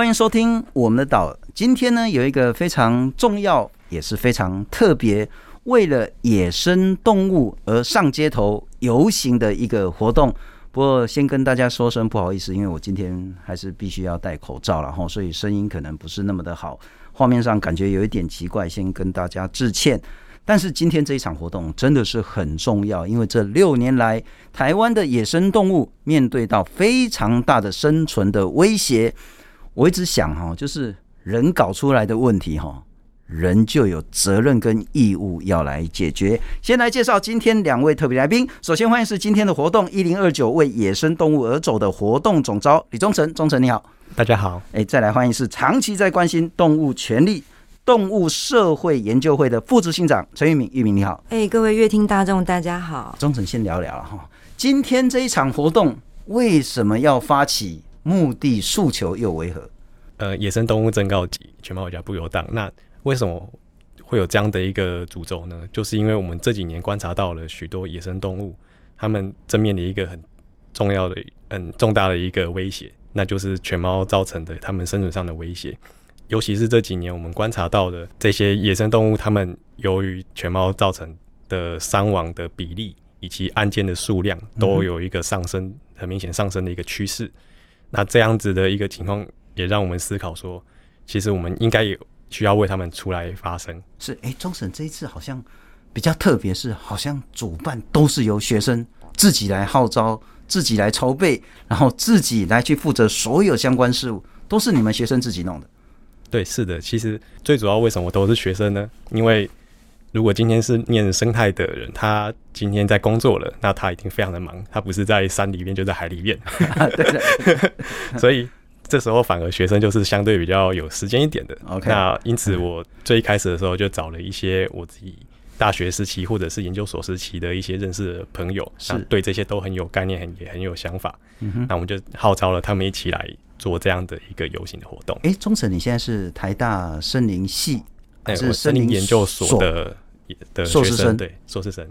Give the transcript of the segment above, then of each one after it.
歡迎收聽我們的島。今天呢，有一個非常重要也是非常特別，為了野生動物而上街頭游行的一個活動。不過，先跟大家說聲不好意思，因為我今天還是必須要戴口罩，然後所以聲音可能不是那麼的好，畫面上感覺有一點奇怪，先跟大家致歉。但是今天這一場活動真的是很重要，因為這六年來，台灣的野生動物面對到非常大的生存的威脅。我一直想哈，就是人搞出來的問題哈，人就有責任跟義務要來解決。先來介紹今天兩位特別來賓，首先歡迎是今天的活動“一零二九為野生動物而走”的活動總召李宗宸，宗宸你好，大家好。哎、欸，再來歡迎是長期在關心動物權利、動物社會研究會的副執行長陳玉敏，玉敏你好。哎、欸，各位閱聽大眾大家好。宗宸先聊聊哈，今天這一場活動為什麼要發起？目的訴求又為何？呃，野生動物真告急，犬貓回家不遊蕩。那為什麼會有這樣的一個主軸呢？就是因為我們這幾年觀察到了許多野生動物，他們正面臨一個很重要的、很重大的一個威脅，那就是犬貓造成的他們生存上的威脅。尤其是這幾年，我們觀察到的這些野生動物，他們由於犬貓造成的傷亡的比例以及案件的數量，都有一個上升，嗯、哼很明顯上升的一個趨勢。那這樣子的一個情況，也讓我們思考說，其實我們應該有需要為他們出來發聲。是，哎、欸，宗宸這一次好像比較特別，是好像主辦都是由學生自己來號召、自己來籌備，然後自己來去負責所有相關事務，都是你們學生自己弄的。對，是的，其實最主要為什麼我都是學生呢？因為。如果今天是念生態的人，他今天在工作了，那他已經非常的忙，他不是在山裡面，就是、在海裡面。對， 所以這時候反而學生就是相對比較有時間一點的。OK，那因此我最一開始的時候就找了一些我自己大學時期或者是研究所時期的一些認識的朋友，是對這些都很有概念，很，也很有想法。嗯、哼那我們就號召了他們一起來做這樣的一個遊行的活動。哎，宗宸，你現在是台大森林系還是森林、欸、森林研究所的？的碩士生。對碩士生，士生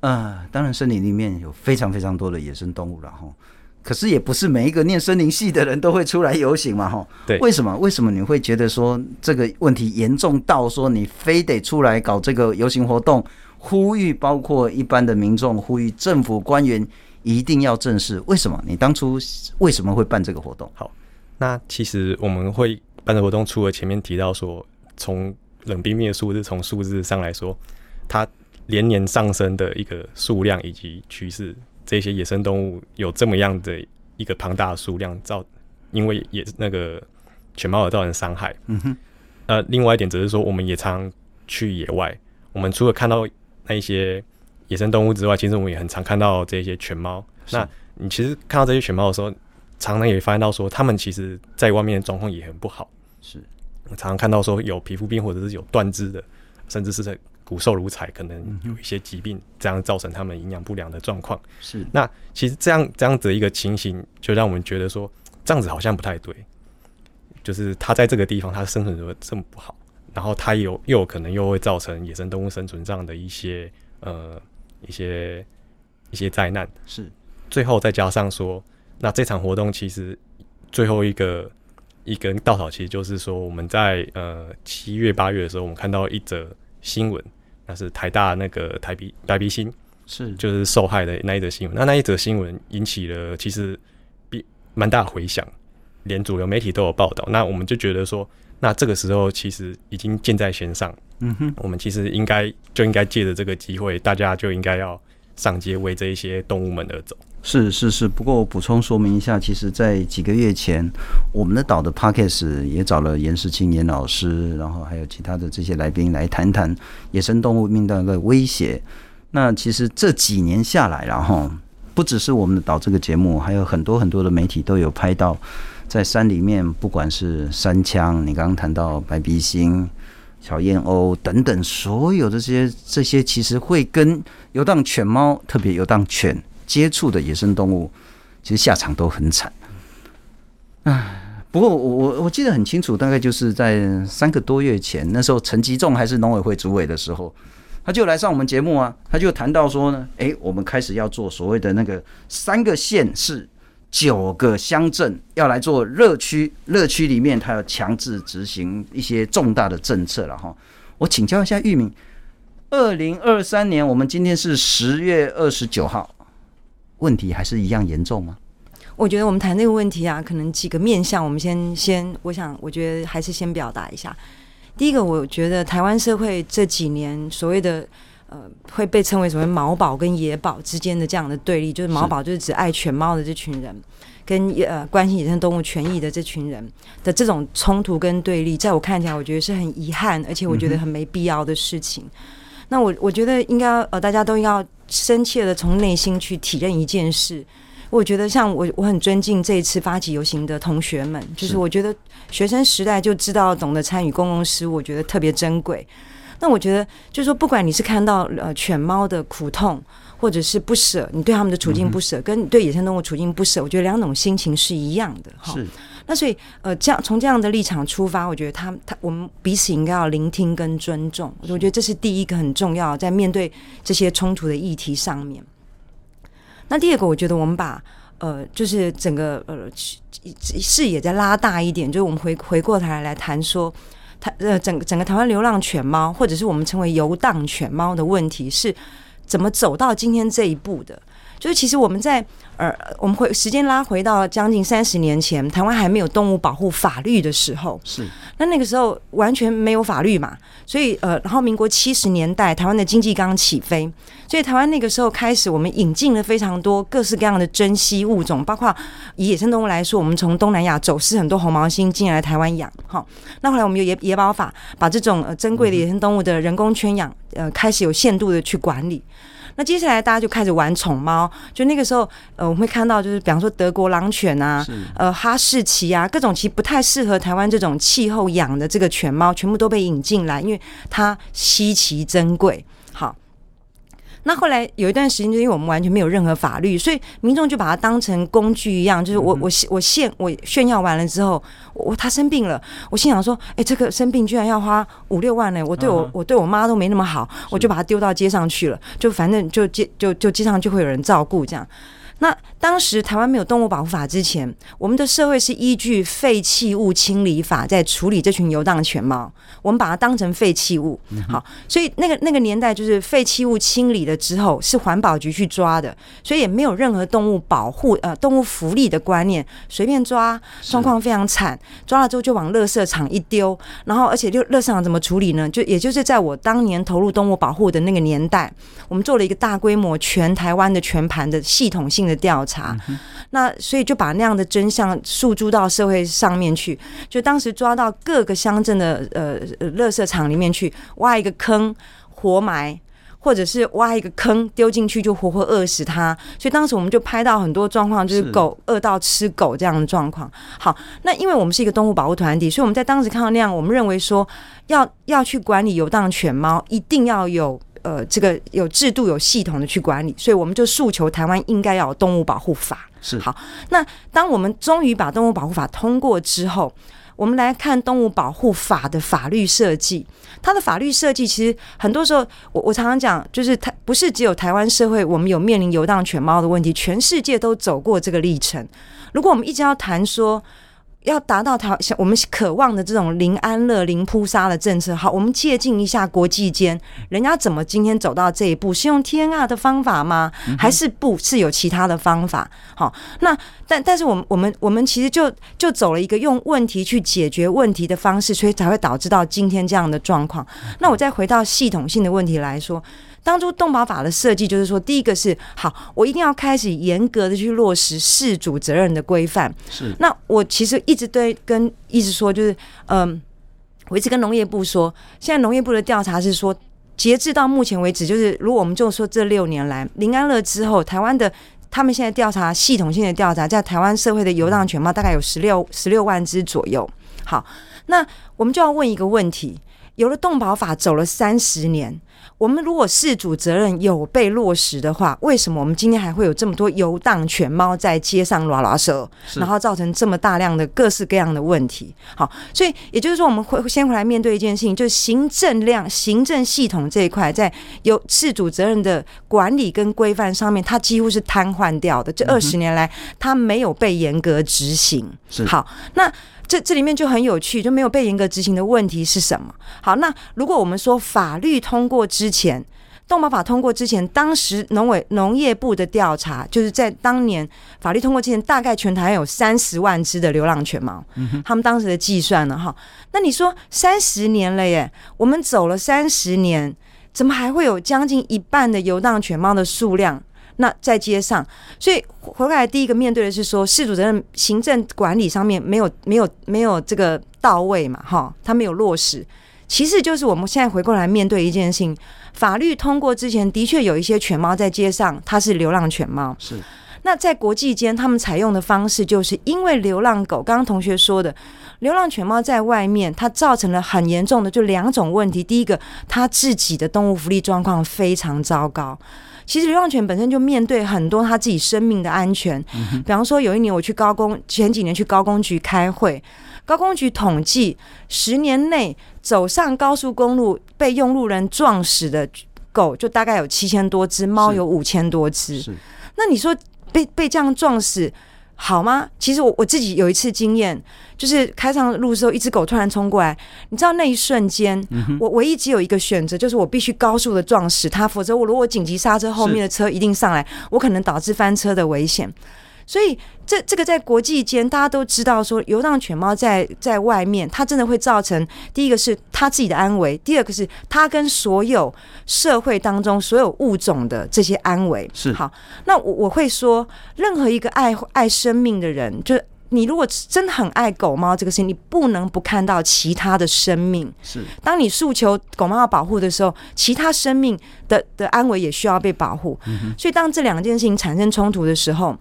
呃，當然森林裡面有非常非常多的野生動物，了。吼，可是也不是每一個念森林系的人都會出來遊行嘛，哈，對，為什麼？為什麼你會覺得說這個問題嚴重到說你非得出來搞這個遊行活動，呼籲包括一般的民眾，呼籲政府官員一定要正視？為什麼？你當初為什麼會辦這個活動？好，那其實我們會辦的活動，除了前面提到說從。冷冰冰的數字從數字上來說，它連年上升的一個數量以及趨勢，這些野生動物有這麼樣的一個龐大的數量造，因為野那個犬貓而造成傷害。嗯哼。呃，另外一點只是說，我們也常，常去野外，我們除了看到那一些野生動物之外，其實我們也很常看到這些犬貓。是那你其實看到這些犬貓的時候，常常也發現到說，它們其實在外面的狀況也很不好。是。常常看到說有皮膚病，或者是有斷肢的，甚至是在骨瘦如柴，可能有一些疾病，這樣造成他們營養不良的狀況。是，那其實這樣這樣子一個情形，就讓我們覺得說這樣子好像不太對。就是他在這個地方，他生存的這麼不好，然後他有又有可能又會造成野生動物生存這樣的一些呃一些一些災難。是，最後再加上說，那這場活動其實最後一個一根稻草，其實就是說我們在呃七月八月的時候，我們看到一則新聞，那是台大那個台鼻白鼻心，是就是受害的那一則新聞。那那一則新聞引起了其實比蠻大迴響，連主流媒體都有報道那我們就覺得說，那這個時候其實已經箭在弦上，嗯哼，我們其實應該就應該借着這個機會，大家就應該要上街為這一些動物們而走。是是是，不過我補充說明一下，其實，在幾個月前，我們的島的 Podcast 也找了顏士清顏老師，然後還有其他的這些來賓來談談野生動物面對的威脅。那其實這幾年下來了哈，不只是我們的島這個節目，還有很多很多的媒體都有拍到在山裡面，不管是山羌，你剛剛談到白鼻心、小燕鷗等等，所有的這些這些，其實會跟遊蕩犬貓，特別遊蕩犬。接觸的野生動物，其實下場都很慘。唉，不過我我我記得很清楚，大概就是在三個多月前，那時候陳吉仲還是農委會主委的時候，他就來上我們節目啊，他就談到說呢，哎，我們開始要做所謂的那個三個縣市、九個鄉鎮要來做熱區，熱區裡面他要強制執行一些重大的政策了哈。我請教一下玉敏，二零二三年我們今天是十月二十九號。問題還是一樣嚴重嗎？我覺得我們談這個問題啊，可能幾個面向，我們先先，我想，我覺得還是先表達一下。第一個，我覺得台灣社會這幾年所謂的呃，會被稱為什麼「毛保」跟「野保」之間的這樣的對立，對，就是「毛保」就是只愛犬貓的這群人，是跟呃關心野生動物權益的這群人的這種衝突跟對立，在我看起來，我覺得是很遺憾，而且我覺得很沒必要的事情。嗯、哼那我我覺得應該呃，大家都應該要。深切的從內心去體認一件事，我覺得像我，我很尊敬這一次發起遊行的同學們，是就是我覺得學生時代就知道懂得參與公共事務，我覺得特別珍貴。那我覺得就是說，不管你是看到呃犬貓的苦痛，或者是不捨，你對他們的處境不捨，嗯、哼跟對野生動物處境不捨，我覺得兩種心情是一樣的哈。那所以，呃，這樣從這樣的立場出發，我覺得他他我們彼此應該要聆聽跟尊重，我覺得這是第一個很重要，在面對這些衝突的議題上面。那第二個，我覺得我們把呃，就是整個呃視視野再拉大一點，就是我們回回過頭來，來談說他呃整個整個台灣流浪犬貓，或者是我們稱為遊蕩犬貓的問題，是怎麼走到今天這一步的？就是其實我們在呃，我們回時間拉回到將近三十年前，台灣還沒有動物保護法律的時候，是。那那個時候完全沒有法律嘛，所以呃，然後民國七十年代，台灣的經濟剛剛起飛，所以台灣那個時候開始，我們引進了非常多各式各樣的珍稀物種，包括以野生動物來說，我們從東南亞走私很多紅毛猩猩進來台灣養。哈，那後來我們有野野保法，把這種呃珍貴的野生動物的人工圈養，呃，開始有限度的去管理。那接下來大家就開始玩寵貓，就那個時候，呃，我們會看到就是，比方說德國狼犬啊，是呃，哈士奇啊，各種其實不太適合台灣這種氣候養的這個犬貓，全部都被引進來，因為它稀奇珍貴。好。那後來有一段時間，就因為我們完全沒有任何法律，所以民眾就把它當成工具一樣。就是我、嗯、哼我我炫我炫耀完了之後，我他生病了，我心想說，哎、欸，這個生病居然要花五六萬呢、欸，我對我、啊、哼我對我媽都沒那麼好，我就把它丟到街上去了，是就反正就街就就街上就會有人照顧這樣。那當時台灣沒有動物保護法之前，我們的社會是依據廢棄物清理法在處理這群遊蕩的犬貓，我們把它當成廢棄物。好，所以那個那個年代就是廢棄物清理了之後，是環保局去抓的，所以也沒有任何動物保護呃動物福利的觀念，隨便抓，狀況非常慘，抓了之後就往垃圾場一丟，然後而且就垃圾場怎麼處理呢？就也就是在我當年投入動物保護的那個年代，我們做了一個大規模全台灣的全盤的系統性。的調查，嗯、哼那所以就把那樣的真相訴諸到社會上面去。就當時抓到各個鄉鎮的呃，垃圾場裡面去挖一個坑，活埋，或者是挖一個坑丟進去就活活餓死他。所以當時我們就拍到很多狀況，就是狗餓到吃狗這樣的狀況。是好，那因為我們是一個動物保護團體，所以我們在當時看到那樣，我們認為說要要去管理遊蕩犬貓，一定要有。呃，這個有制度有系統的去管理，所以我們就訴求台灣應該要有動物保護法。是好，那當我們終於把動物保護法通過之後，我們來看動物保護法的法律設計，它的法律設計其實很多時候，我我常常講，就是它不是只有台灣社會，我們有面臨遊蕩犬貓的問題，全世界都走過這個歷程。如果我們一直要談說。要達到他，我們渴望的這種零安樂、零撲殺的政策，好，我們借鑑一下國際間人家怎麼今天走到這一步？是用 TNR 的方法嗎？還是不是有其他的方法？好，那但但是我們我們我們其實就就走了一個用問題去解決問題的方式，所以才會導致到今天這樣的狀況。那我再回到系統性的問題來說。當初動保法的設計就是說，第一個是好，我一定要開始嚴格的去落實飼主責任的規範。是。那我其實一直對跟一直說，就是嗯、呃，我一直跟農業部說，現在農業部的調查是說，截至到目前為止，就是如果我們就說這六年來零安樂之後，台灣的他們現在調查系統性的調查，在台灣社會的遊蕩犬貓大概有十六十六萬隻左右。好，那我們就要問一個問題：有了動保法走了三十年。我們如果飼主責任有被落實的話，為什麼我們今天還會有這麼多遊蕩犬貓在街上拉拉扯，然後造成這麼大量的各式各樣的問題？好，所以也就是說，我們會先回來面對一件事情，就是行政量、行政系統這一塊，在由飼主責任的管理跟規範上面，它幾乎是癱瘓掉的。這二十年來，它沒有被嚴格執行。好，那。這這裡面就很有趣，就沒有被嚴格執行的問題是什麼？好，那如果我們說法律通過之前，動保法通過之前，當時農委農業部的調查，就是在當年法律通過之前，大概全台有三十萬隻的流浪犬貓，嗯、哼他們當時的計算呢，哈，那你說三十年了耶，我們走了三十年，怎麼還會有將近一半的遊蕩犬貓的數量？那在街上，所以回過來第一個面對的是說，飼主責任、行政管理上面沒有、沒有、沒有這個到位嘛？哈，他沒有落實。其次就是我們現在回過來面對一件事情，法律通過之前的確有一些犬貓在街上，它是流浪犬貓。是。那在國際間，他們採用的方式就是因為流浪狗，剛剛同學說的，流浪犬貓在外面，它造成了很嚴重的就兩種問題。第一個，它自己的動物福利狀況非常糟糕。其實流浪犬本身就面對很多他自己生命的安全，比方說有一年我去高公，前幾年去高公局開會，高公局統計十年內走上高速公路被用路人撞死的狗就大概有七千多隻，貓有五千多隻，那你說被被這樣撞死，好嗎？其實我我自己有一次經驗，就是開上路的時候，一隻狗突然衝過來，你知道那一瞬間，嗯、哼我唯一只有一個選擇，就是我必須高速的撞死它，否則我如果緊急剎車，後面的車一定上來，是我可能導致翻車的危險。所以，這這個在國際間，大家都知道說，說流浪犬貓在在外面，它真的會造成第一個是它自己的安危，第二個是它跟所有社會當中所有物種的這些安危。是，好，那我我會說，任何一個愛愛生命的人，就你如果真的很愛狗貓這個事情，你不能不看到其他的生命。是，當你訴求狗貓要保護的時候，其他生命的的安危也需要被保護。嗯哼。所以，當這兩件事情產生衝突的時候，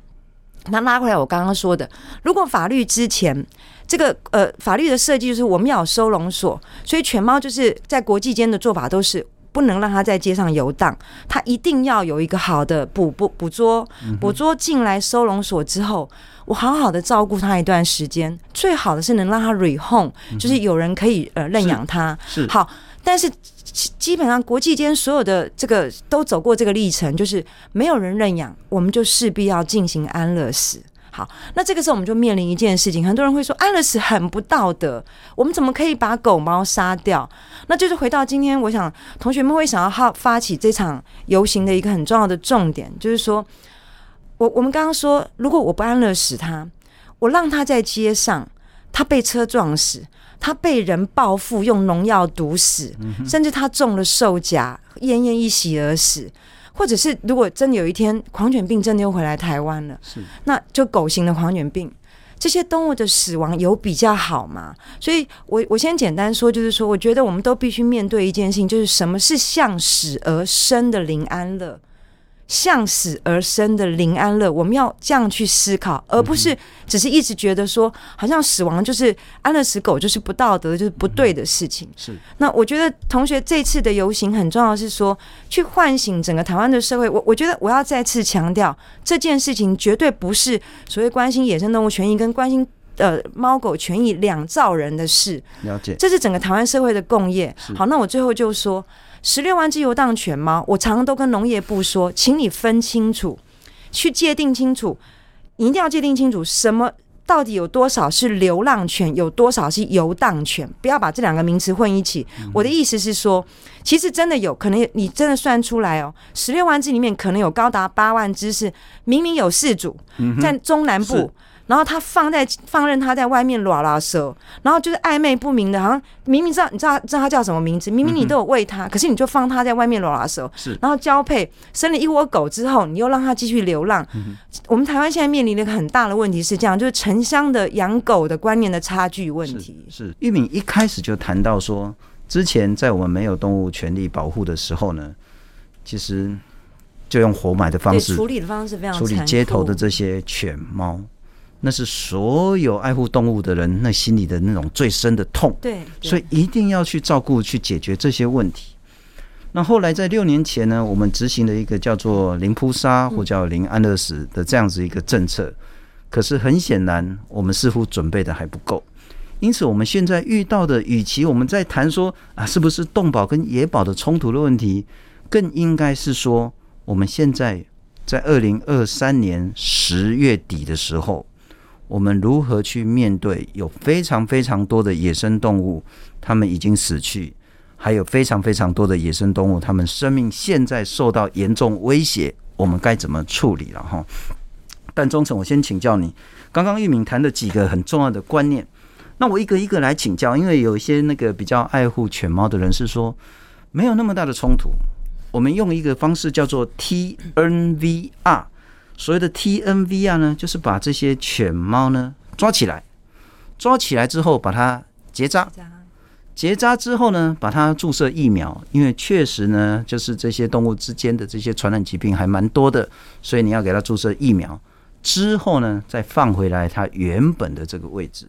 那拉回來，我剛剛說的，如果法律之前這個呃法律的設計就是我們要收容所，所以犬貓就是在國際間的做法都是不能讓它在街上遊蕩，它一定要有一個好的捕捕捕捉捕捉進來收容所之後，我好好的照顧它一段時間，最好的是能讓它 re home，就是有人可以呃認、嗯、哼養它是，是好，但是。基本上，國際間所有的這個都走過這個歷程，就是沒有人認養，我們就勢必要進行安樂死。好，那這個時候我們就面臨一件事情，很多人會說安樂死很不道德，我們怎麼可以把狗貓殺掉？那就是回到今天，我想同學們會想要好發起這場遊行的一個很重要的重點，就是說我我們剛剛說，如果我不安樂死他，我讓他在街上，他被車撞死。他被人報復，用農藥毒死，甚至他中了獸夾，奄奄一息而死，或者是如果真的有一天狂犬病真的又回來台灣了，是那就狗型的狂犬病，這些動物的死亡有比較好嗎？所以我，我我先簡單說，就是說，我覺得我們都必須面對一件事情，就是什麼是向死而生的零安樂。向死而生的林安樂，我們要這樣去思考，而不是只是一直覺得說，嗯、哼好像死亡就是安樂死狗就是不道德，就是不對的事情。嗯、是。那我覺得同學這次的遊行很重要，是說去喚醒整個台灣的社會。我我覺得我要再次強調，這件事情絕對不是所謂關心野生動物權益跟關心呃貓狗權益兩造人的事。了解。這是整個台灣社會的共業。是好，那我最後就說。十六萬隻遊蕩犬嗎？我常常都跟農業部說，請你分清楚，去界定清楚，你一定要界定清楚，什麼到底有多少是流浪犬，有多少是遊蕩犬，不要把這兩個名詞混一起。嗯、哼我的意思是說，其實真的有可能，你真的算出來哦，十六萬隻裡面可能有高達八萬隻是明明有飼主在中南部。嗯然後他放在放任他在外面拉拉手，然後就是曖昧不明的，好像明明知道你知道知道他叫什麼名字，明明你都有餵他，嗯、哼可是你就放他在外面拉拉手。是。然後交配生了一窩狗之後，你又讓他繼續流浪。嗯、哼我們台灣現在面臨了一個很大的問題，是這樣，就是城鄉的養狗的觀念的差距問題。是，是。玉敏一開始就談到說，之前在我們沒有動物權利保護的時候呢，其實就用活埋的方式處理的方式非常處理街頭的這些犬貓。那是所有愛護動物的人那心裡的那種最深的痛，對，對，所以一定要去照顧、去解決這些問題。那後來在六年前呢，我們執行了一個叫做“零撲殺”或者叫“零安樂死”的這樣子一個政策。嗯，可是很顯然，我們似乎準備的還不夠。因此，我們現在遇到的，與其我們在談說啊，是不是動保跟野保的衝突的問題，更應該是說，我們現在在二零二三年十月底的時候。我們如何去面對有非常非常多的野生動物，它們已經死去，還有非常非常多的野生動物，它們生命現在受到嚴重威脅，我們該怎麼處理了哈？但宗宸，我先請教你，剛剛玉敏談的幾個很重要的觀念，那我一個一個來請教，因為有些那個比較愛護犬貓的人是說，沒有那麼大的衝突，我們用一個方式叫做 T N V R。所謂的 TNVR 呢，就是把這些犬貓呢抓起來，抓起來之後把它結紮，結紮紮之後呢，把它注射疫苗，因為確實呢，就是這些動物之間的這些傳染疾病還蠻多的，所以你要給它注射疫苗之後呢，再放回來它原本的這個位置。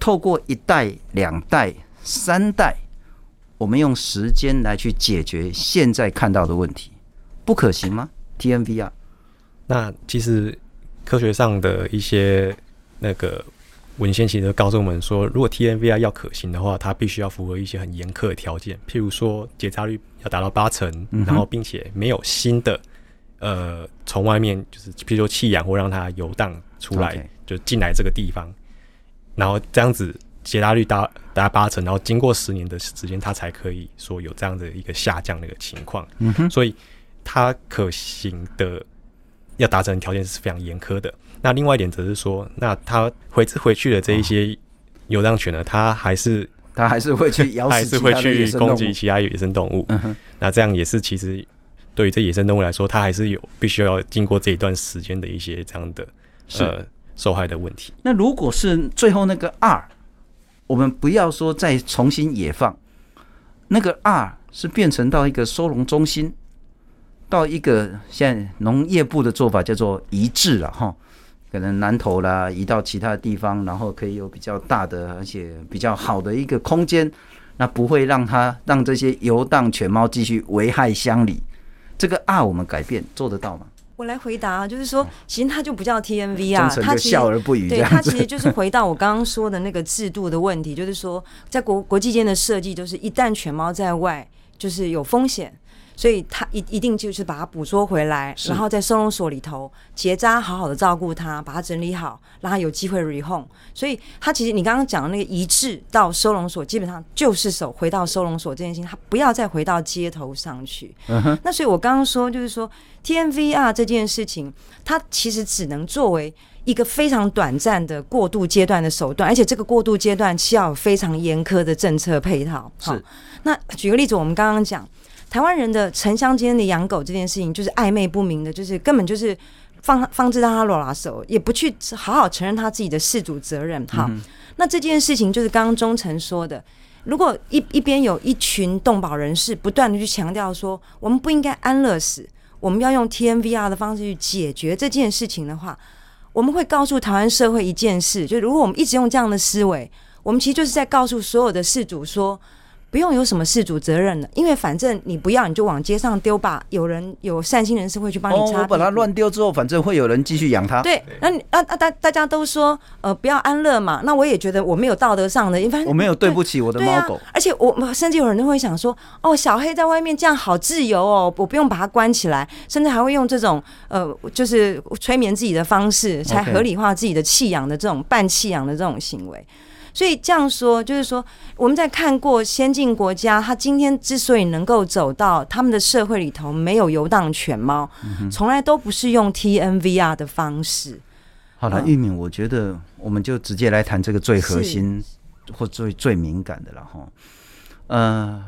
透過一代、兩代、三代，我們用時間來去解決現在看到的問題，不可行嗎？TNVR。那其實科學上的一些那個文獻其實告訴我們說，如果 TNVR 要可行的話，它必須要符合一些很嚴苛的條件，譬如說結扎率要達到八成，嗯、哼然後並且沒有新的呃從外面就是譬如說棄養或讓它遊蕩出來 Okay. 就進來這個地方，然後這樣子結扎率達達八成，然後經過十年的時間，它才可以說有這樣的一個下降的一個情況，嗯哼所以它可行的。要達成條件是非常嚴苛的。那另外一點則是說，那它回之回去的這一些遊蕩犬呢，它、哦、還是它還是會去咬死，還是會去攻擊其他野生動物。嗯、哼那這樣也是其實對於這野生動物來說，它還是有必須要經過這一段時間的一些這樣的是呃受害的問題。那如果是最後那個 R，我們不要說再重新野放，那個 R 是變成到一個收容中心。到一個現在農業部的做法叫做移置啦，齁，可能南投啦，移到其他地方，然後可以有比較大的而且比較好的一個空間，那不會讓它讓這些遊蕩犬貓繼續危害鄉里。這個啊，我們改變做得到嗎？我來回答啊，就是說，其實它就不叫 T N V 啊，它笑而不語，對它其實就是回到我剛剛說的那個制度的問題， 就是說，在國國際間的設計就是，一旦犬貓在外就是有風險。所以，他一一定就是把它捕捉回來，是然後在收容所裡頭結紮，好好的照顧他，把它整理好，讓他有機會 rehome。所以，他其實你剛剛講的那個移置到收容所，基本上就是手回到收容所這件事情，他不要再回到街頭上去。嗯哼、uh。Huh、那所以，我剛剛說就是說，TNVR 這件事情，它其實只能作為一個非常短暫的過渡階段的手段，而且這個過渡階段需要有非常嚴苛的政策配套。好是，那舉個例子，我們剛剛講。台灣人的城鄉間的養狗這件事情，就是曖昧不明的，就是根本就是放放之讓他亂拉手，也不去好好承認他自己的飼主責任。好，嗯、那這件事情就是剛剛宗宸說的，如果一一邊有一群動保人士不斷的去強調說，我們不應該安樂死，我們要用 TNVR 的方式去解決這件事情的話，我們會告訴台灣社會一件事，就是如果我們一直用這樣的思維，我們其實就是在告訴所有的飼主說。不用有什麼飼主責任的，因為反正你不要，你就往街上丟吧。有人有善心人士會去幫你擦。哦，我把它亂丟之後，反正會有人繼續養它。對，那你啊那大、啊、大家都說呃不要安樂嘛，那我也覺得我沒有道德上的，因為我沒有對不起我的貓狗、啊。而且我甚至有人都會想說，哦，小黑在外面這樣好自由哦，我不用把它關起來，甚至還會用這種呃就是催眠自己的方式，才合理化自己的棄養的這種 Okay. 半棄養的這種行為。所以這樣說，就是說我們在看過先進國家，他今天之所以能夠走到他們的社會裡頭，沒有遊蕩犬貓，嗯、哼從來都不是用 TNVR 的方式。好了啦，嗯、玉敏，我覺得我們就直接來談這個最核心是或最最敏感的了哈、呃。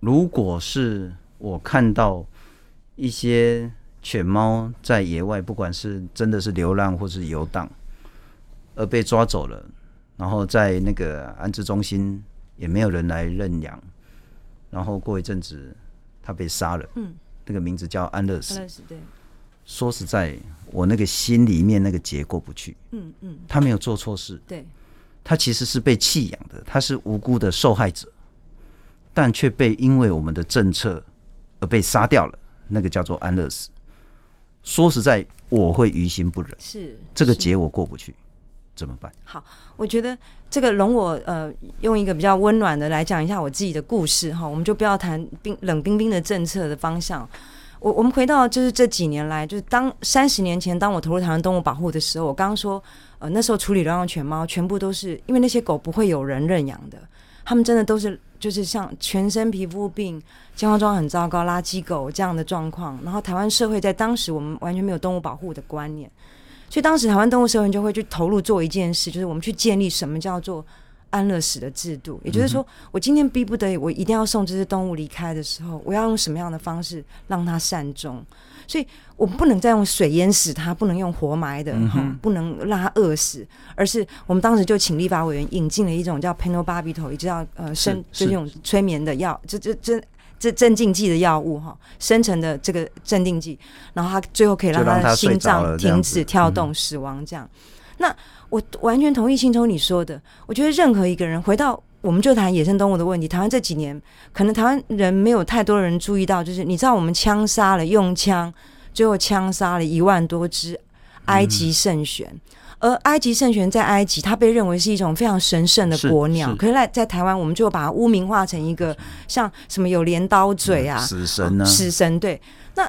如果是我看到一些犬貓在野外，不管是真的是流浪或是遊蕩，而被抓走了。然後在那個安置中心也沒有人來認養，然後過一陣子他被殺了。嗯，那個名字叫安樂死。安樂死，對。說實在，我那個心裡面那個結過不去。嗯嗯。嗯，他沒有做錯事。對。他其實是被棄養的，他是無辜的受害者，但卻被因為我們的政策而被殺掉了。那個叫做安樂死。說實在，我會於心不忍。是。這個結我過不去。怎麼辦？好，我覺得這個容我呃用一個比較溫暖的來講一下我自己的故事哈，我們就不要談冰冷冰冰的政策的方向。我我們回到就是這幾年來，就是當三十年前當我投入台灣動物保護的時候，我剛剛說呃那時候處理流浪犬貓全部都是因為那些狗不會有人認養的，他們真的都是就是像全身皮膚病、健康狀況很糟糕、垃圾狗這樣的狀況。然後台灣社會在當時我們完全沒有動物保護的觀念。所以當時台灣動物社會人就會去投入做一件事，就是我們去建立什麼叫做安樂死的制度，也就是說，我今天逼不得已，我一定要送這隻動物離開的時候，我要用什麼樣的方式讓它善終？所以我不能再用水淹死它，不能用活埋的，哈、嗯哼嗯，不能讓它餓死，而是我們當時就請立法委員引進了一種叫 Penobarbital 也叫呃生，就是那種催眠的藥，這這這。這鎮靜劑的藥物哈，生成的這個鎮靜劑，然後它最後可以讓他的心臟停止跳動，死亡這樣。嗯、那我完全同意信聰你說的，我覺得任何一個人回到，我們就談野生動物的問題。台灣這幾年，可能台灣人沒有太多人注意到，就是你知道我們槍殺了用槍，最後槍殺了一萬多隻埃及聖䴉。嗯。而埃及聖䴉在埃及，它被認為是一種非常神聖的國鳥。是是可是，在在台灣，我們就把它污名化成一個像什麼有鐮刀嘴啊，死神、嗯、啊，死神。對，那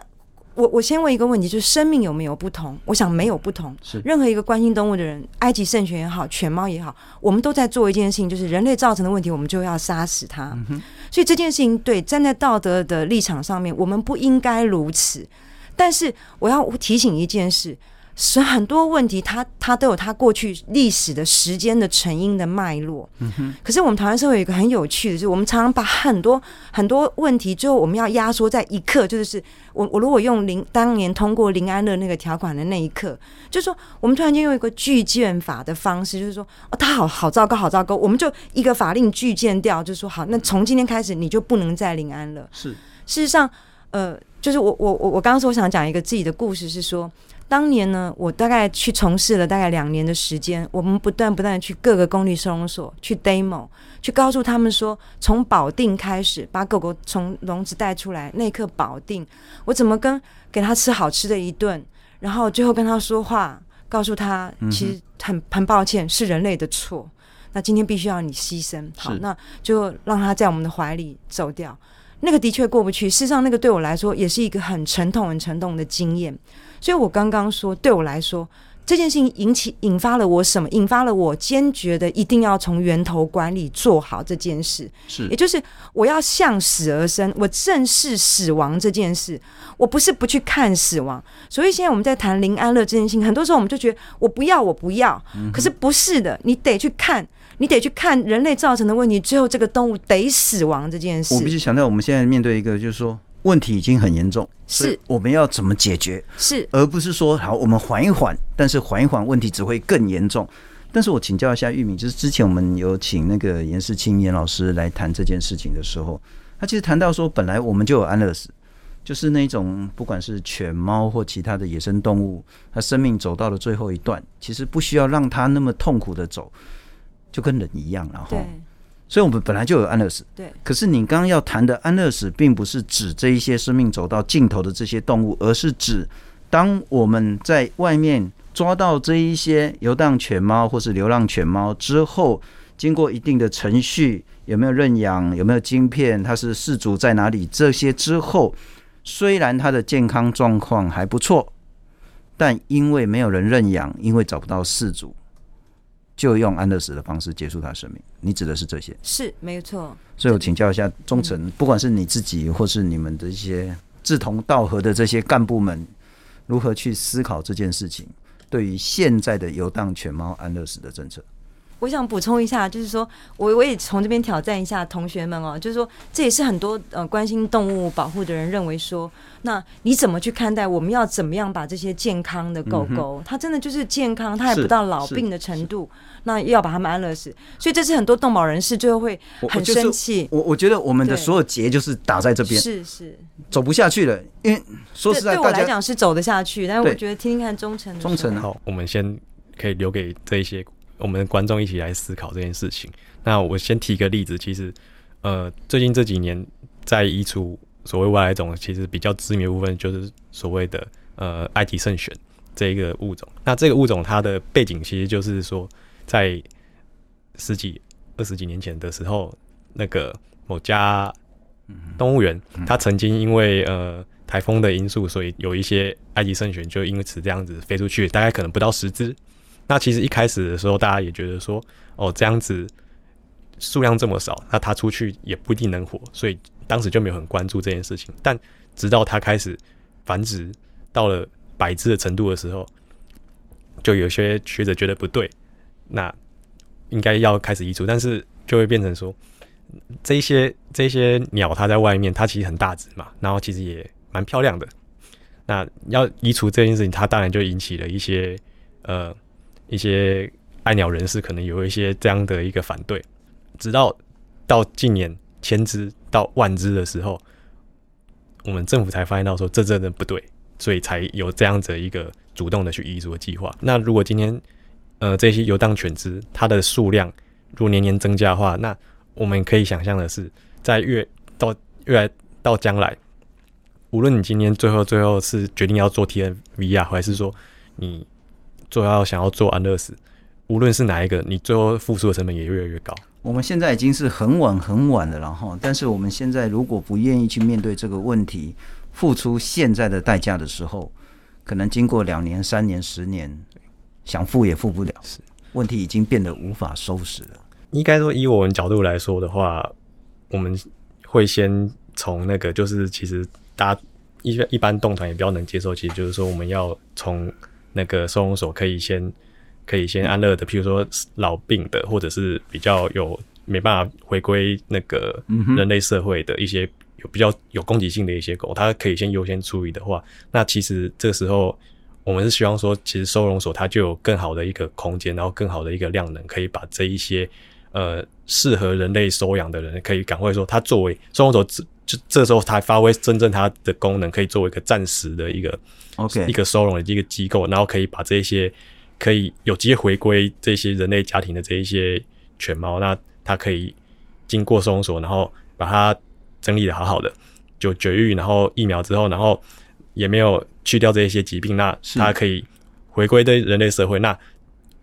我我先問一個問題，就是生命有沒有不同？我想沒有不同。是任何一個關心動物的人，埃及聖䴉也好，犬貓也好，我們都在做一件事情，就是人類造成的問題，我們就要殺死它。嗯、哼所以這件事情，對站在道德的立場上面，我們不應該如此。但是我要提醒一件事。是很多問題它、它它都有它過去歷史的時間的成因的脈絡。嗯哼。可是我們台灣社會有一個很有趣的是，就是我們常常把很多很多問題，最後我們要壓縮在一刻，就是是我我如果用零當年通過零安樂那個條款的那一刻，就說我們突然間用一個拒建法的方式，就是說哦，他好好糟糕，好糟糕，我們就一個法令拒建掉，就說好，那從今天開始你就不能再零安了。是。事實上，呃，就是我我我我剛剛說我想講一個自己的故事，是說。當年呢，我大概去從事了大概兩年的時間。我們不斷不斷的去各個公立收容所去 demo，去告訴他們說，從保定開始把狗狗從籠子帶出來，那一刻保定，我怎麼跟給他吃好吃的一頓，然後最後跟他說話，告訴他其實很很抱歉，是人類的錯，那今天必須要你犧牲，好，那就讓他在我們的懷裡走掉。那個的確過不去。事實上，那個對我來說也是一個很沉痛，很沉痛的經驗。所以，我剛剛說，對我來說，這件事情引起引發了我什麼？引發了我堅決的一定要從源頭管理做好這件事。是，也就是我要向死而生，我正視死亡這件事。我不是不去看死亡。所以，現在我們在談零安樂這件事情，很多時候我們就覺得我不要，我不要。嗯哼。可是不是的，你得去看。你得去看人類造成的問題，最後這個動物得死亡這件事。我必須強調我們現在面對一個，就是說，問題已經很嚴重，是我們要怎麼解決，是而不是說，好，我們緩一緩，但是緩一緩問題只會更嚴重。但是我請教一下玉敏，就是之前我們有請那個顏士清顏老師來談這件事情的時候，他其實談到說，本來我們就有安樂死，就是那種不管是犬貓或其他的野生動物，它生命走到了最後一段，其實不需要讓它那麼痛苦的走。就跟人一樣，然後對，所以我們本來就有安樂死。對。可是你剛剛要談的安樂死，並不是指這一些生命走到盡頭的這些動物，而是指當我們在外面抓到這一些游蕩犬貓或是流浪犬貓之後，經過一定的程序，有沒有認養，有沒有晶片，它是飼主在哪裡？這些之後，雖然它的健康狀況還不錯，但因為沒有人認養，因為找不到飼主。就用安樂死的方式結束他生命，你指的是這些是沒有錯。所以我請教一下宗宸，不管是你自己或是你們的一些志同道合的這些幹部們，如何去思考這件事情，對於現在的遊蕩犬貓安樂死的政策？我想補充一下，就是說，我我也從這邊挑戰一下同學們哦、喔，就是說，這也是很多呃關心動物保護的人認為說，那你怎麼去看待？我們要怎麼樣把這些健康的狗狗、嗯哼，它真的就是健康，它還不到老病的程度，那要把它們安樂死？所以這是很多動保人士最後會很生氣。我、就是、我，我覺得我們的所有結就是打在這邊，是是走不下去了。因為說實在對，對我來講是走得下去，但是我覺得聽聽看宗宸宗宸，好、哦，我們先可以留給這一些。我們的觀眾一起來思考這件事情。那我先提一個例子，其實，呃，最近這幾年在移除所謂外來種，其實比較知名的部分就是所謂的呃埃及聖䴉這一個物種。那這個物種它的背景其實就是說，在十幾二十幾年前的時候，那個某家動物園，它曾經因為呃台風的因素，所以有一些埃及聖䴉就因此這樣子飛出去，大概可能不到十隻。那其實一開始的時候，大家也覺得說，哦，這樣子數量這麼少，那它出去也不一定能活，所以當時就沒有很關注這件事情。但直到它開始繁殖到了百只的程度的時候，就有些學者覺得不對，那應該要開始移除，但是就會變成說，這些這些鳥它在外面，它其實很大只嘛，然後其實也蠻漂亮的，那要移除這件事情，它當然就引起了一些呃。一些愛鳥人士可能有一些這樣的一個反對，直到到近年千只到萬隻的時候，我們政府才發現到說，這真的不對，所以才有這樣子一個主動的去移除的計劃。那如果今天，呃，這些遊蕩犬只它的數量如果年年增加的話，那我們可以想象的是，在越到越來到將來，無論你今天最後最後是決定要做 T N V 啊，還是說你，做要想要做安樂死，無論是哪一個，你最後付出的成本也越來越高。我們現在已經是很晚很晚了哈，但是我們現在如果不願意去面對這個問題，付出現在的代價的時候，可能經過兩年、三年、十年，想付也付不了。是問題已經變得無法收拾了。應該說，以我們角度來說的話，我們會先從那個，就是其實大家一一般動團也比較能接受，其實就是說我們要從。那個收容所可以先可以先安樂的，譬如說老病的，或者是比較有沒辦法回歸那個人類社會的一些有比較有攻擊性的一些狗，它可以先優先處理的話，那其實這時候我們是希望說，其實收容所它就有更好的一個空間，然後更好的一個量能，可以把這一些呃適合人類收養的人，可以趕快說，它作為收容所。這時候它發揮真正它的功能，可以作為一個暫時的一個，OK，一個收容的一個機構，然後可以把這些可以有機會回歸這些人類家庭的這一些犬貓，那它可以經過收容所，然後把它整理的好好的，就絕育，然後疫苗之後，然後也沒有去掉這一些疾病，那它可以回歸對人類社會。是那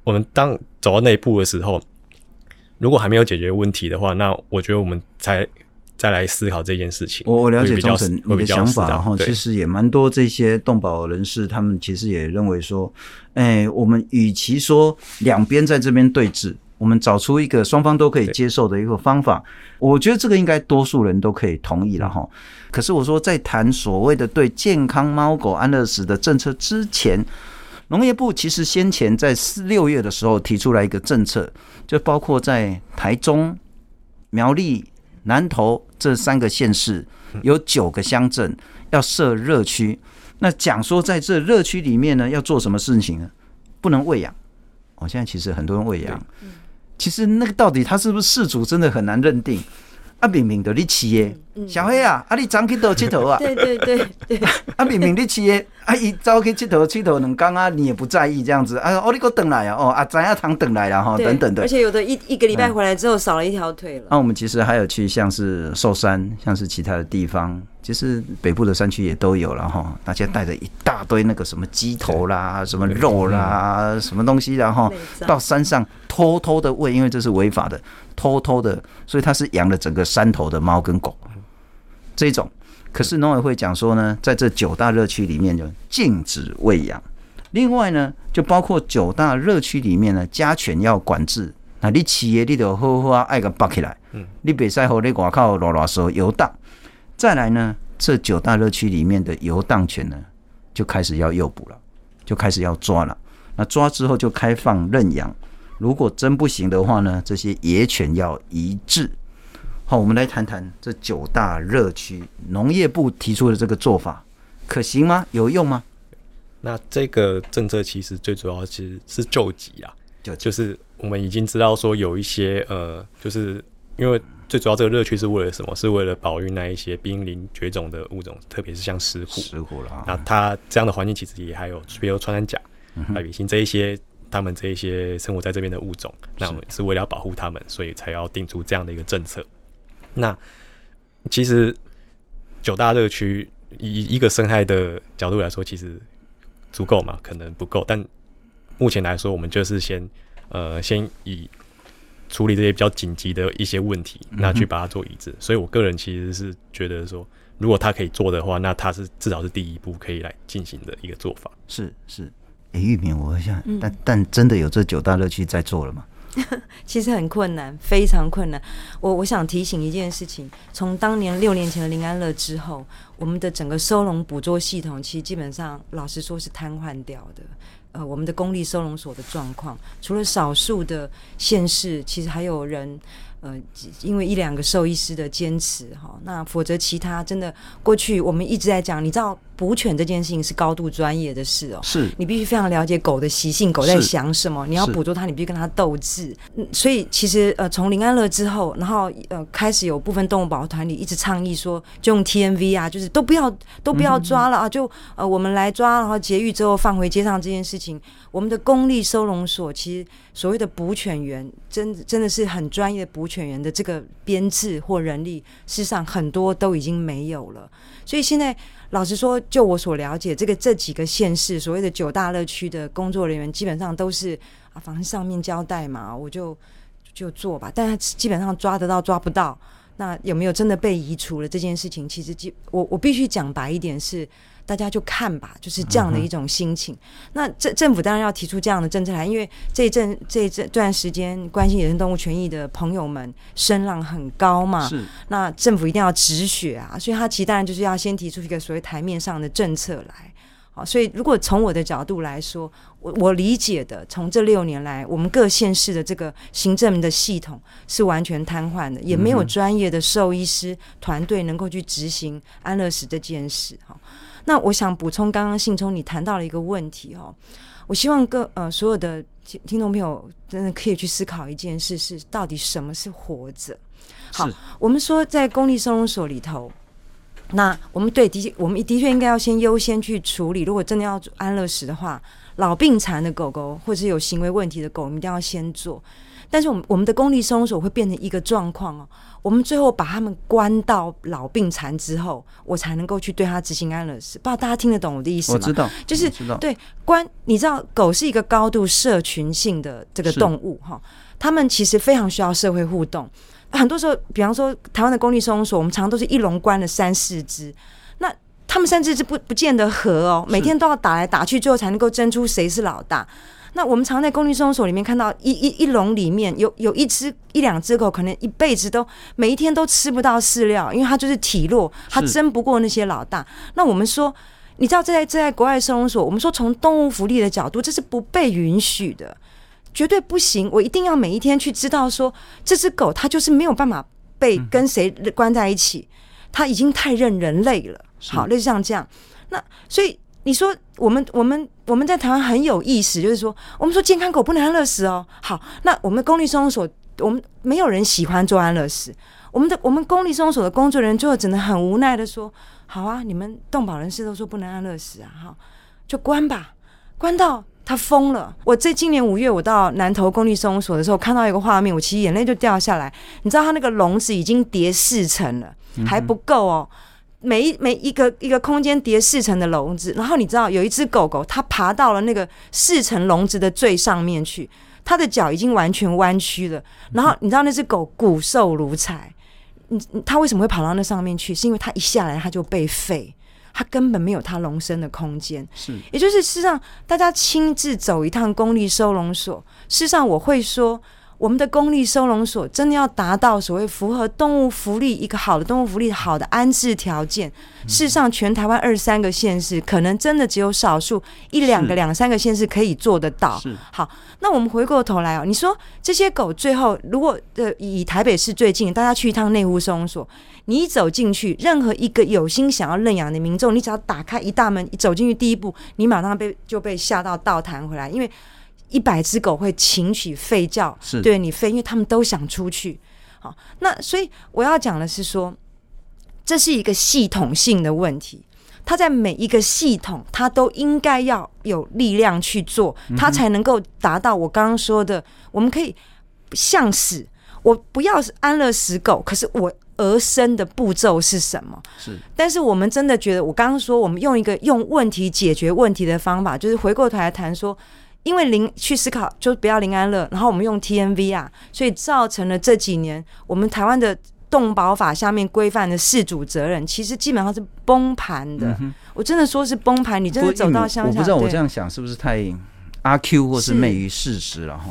我們當走到那一步的時候，如果還沒有解決問題的話，那我覺得我們才。再來思考這件事情。我我了解宗宸你的想法，然後其實也蠻多這些動保人士，對他們其實也認為說，誒、欸，我們與其說兩邊在這邊對峙，我們找出一個雙方都可以接受的一個方法，對我覺得這個應該多數人都可以同意了哈。可是我說，在談所謂的對健康貓狗安樂死的政策之前，農業部其實先前在四六月的時候提出來一個政策，就包括在台中、苗栗、南投。這三個縣市有九個鄉鎮要設熱區，那講說在這熱區裡面呢，要做什麼事情呢？不能餵養。我、哦、現在其實很多人餵養，對其實那個到底他是不是飼主，真的很難認定。啊，明明都你飼的，嗯嗯、小黑啊，啊，你常去佗佚佗啊？對對對對。啊，明明你飼的，啊，一早去佚佗佚佗。兩剛啊，你也不在意這樣子。啊，哦，你給我等來啊，哦，啊對，張阿堂等來啦哈，等等的。而且有的一一個禮拜回來之後，少了一條腿了。那、嗯啊、我們其實還有去像是壽山，像是其他的地方。其實北部的山區也都有了哈，大家帶着一大堆那個什麼雞頭啦、什麼肉啦、什麼東西然後到山上偷偷的餵，因為這是違法的，偷偷的，所以它是養了整個山頭的貓跟狗。這種，可是農委會講說呢，在這九大熱區裡面就禁止餵養，另外呢，就包括九大熱區裡面呢，家犬要管制。那你飼的你得好好愛個綁起來，你別賽後你外口亂亂說遊蕩。再來呢，這九大熱區裡面的遊蕩犬呢，就開始要誘捕了，就開始要抓了。那抓之後就開放認養，如果真不行的話呢，這些野犬要移置。好，我們來談談這九大熱區農業部提出的這個做法可行嗎？有用嗎？那這個政策其實最主要其實是救急啊，就急就是我們已經知道說有一些呃，就是因為。最主要這個熱區是為了什麼？是為了保育那一些瀕臨絕種的物種，特別是像石虎、石虎啦。那它這樣的環境其實也還有，比如穿山甲、白鼻心這一些，他們這一些生活在這邊的物種，那我們是為了保護他們，是所以才要定出這樣的一個政策。那其實九大熱區，以一個生態的角度來說，其實足夠嘛？可能不夠，但目前來說，我們就是先呃，先以。處理這些比較緊急的一些問題，那去把它做移置。嗯、哼所以，我個人其實是覺得說，如果他可以做的話，那他是至少是第一步可以來進行的一個做法。是是，哎、欸，玉敏，我想，嗯、但但真的有這九大熱區在做了嗎？其實很困難，非常困難。我我想提醒一件事情，從當年六年前的零安樂之後，我們的整個收容捕捉系統其實基本上，老實說是癱瘓掉的。呃，我們的公立收容所的狀況，除了少數的縣市，其實還有人，呃，因為一兩個獸醫師的堅持，哈，那否則其他真的過去我們一直在講，你知道。捕犬這件事情是高度專業的事哦，是你必須非常了解狗的習性，狗在想什麼，你要捕捉它，你必須跟它鬥智。所以其實呃，從零安樂之後，然後呃開始有部分動物保護團體一直倡議說，就用 T N V 啊,就是都不要都不要抓了啊，就呃我們來抓，然後絕育之後放回街上這件事情，我們的公立收容所，其實所謂的捕犬員，真真的是很專業的捕犬員的這個編制或人力，事實上很多都已經沒有了，所以現在。老實說，就我所了解，這個這幾個縣市所謂的九大熱區的工作人員，基本上都是啊，反正上面交代嘛，我就就做吧。但他基本上抓得到抓不到，那有沒有真的被移除了這件事情，其實，我我必須講白一點是。大家就看吧，就是這樣的一種心情。嗯、哼那政政府當然要提出這樣的政策來，因為這陣這一這段時間關心野生動物權益的朋友們聲浪很高嘛。是。那政府一定要止血啊，所以他其實當然就是要先提出一個所謂台面上的政策來。好，所以如果從我的角度來說，我我理解的，從這六年來，我們各縣市的這個行政的系統是完全癱瘓的，嗯、哼也沒有專業的獸醫師團隊能夠去執行安樂死這件事。哈。那我想補充，剛剛信聰你談到了一個問題哦，我希望各呃所有的聽聽眾朋友真的可以去思考一件事：是到底什麼是活着？是好，我們說在公立收容所裡頭，那我們，對的，我們的確應該要先優先去處理。如果真的要做安樂死的話，老病殘的狗狗或者是有行為問題的狗，我們一定要先做。但是我們我們的公立收容所會變成一個狀況哦。我們最後把他們關到老病殘之後，我才能夠去對他執行安樂死。不知道大家聽得懂我的意思嗎？我知道，就是知道，對，關，你知道狗是一個高度社群性的這個動物哈，是他們其實非常需要社會互動。很多時候，比方說台灣的公立收容所，我們常常都是一籠關了三四只，那他們三只只不不見得合哦，每天都要打來打去，最後才能夠爭出誰是老大。那我們常在公立收容所裡面看到一，一一一籠裡面有有一只一兩只狗，可能一輩子都每一天都吃不到飼料，因為它就是體弱，它爭不過那些老大。是那我們說，你知道這在這在國外收容所，我們說從動物福利的角度，這是不被允許的，絕對不行。我一定要每一天去知道說，這只狗它就是沒有辦法被跟誰關在一起，它、嗯、已經太認人類了。是好，類、就、似、是、像這樣，那所以。你說我們我們我們在台灣很有意思。就是說我們說健康狗不能安樂死哦。好，那我們公立收容所，我們沒有人喜歡做安樂死。我們的我們公立收容所的工作人員最後只能很無奈的說：“好啊，你們動保人士都說不能安樂死啊，哈，就關吧，關到他瘋了。”我在今年五月我到南投公立收容所的時候，看到一個畫面，我其實眼淚就掉下來。你知道他那個籠子已經疊四層了，還不夠哦。嗯每一每一個一個空間疊四層的籠子，然後你知道有一只狗狗，它爬到了那個四層籠子的最上面去，它的腳已經完全彎曲了。然後你知道那只狗骨瘦如柴，你、嗯、它為什麼會跑到那上面去？是因為它一下來它就被廢，它根本沒有它容身的空間。是，也就是事實上，大家親自走一趟公立收容所，事實上我會說。我們的公立收容所真的要達到所謂符合動物福利一個好的動物福利好的安置條件，事實上全台灣二三個縣市，可能真的只有少數一兩個、兩三個縣市可以做得到。好，那我們回過頭來哦，你說這些狗最後如果呃以台北市最近，大家去一趟內湖收容所，你一走進去，任何一個有心想要認養的民眾，你只要打開一大門一走進去，第一步你馬上被就被嚇到倒彈回來，因為。一百隻狗會情緒吠叫，是對你吠，是因為他們都想出去。好，那所以我要講的是說，這是一個系統性的問題，它在每一個系統，它都應該要有力量去做，它才能夠達到我剛剛說的。嗯、哼我們可以向死，我不要安樂死狗，可是我而生的步驟是什麼？是。但是我們真的覺得，我剛剛說，我們用一個用問題解決問題的方法，就是回過頭來談說。因為零去思考，就不要零安樂，然後我們用 TNVR 啊，所以造成了這幾年我們台灣的動保法下面規範的飼主責任，其實基本上是崩盤的。嗯、哼我真的說是崩盤，你真的走到鄉下，下，我不知道我這樣想是不是太阿是 Q 或是昧於事實了哈。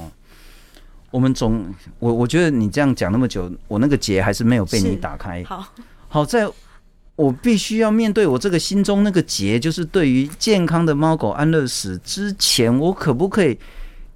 我們總我我覺得你這樣講那麼久，我那個結還是沒有被你打開。好，好在。我必須要面對我這個心中那個結，就是對於健康的貓狗安樂死之前，我可不可以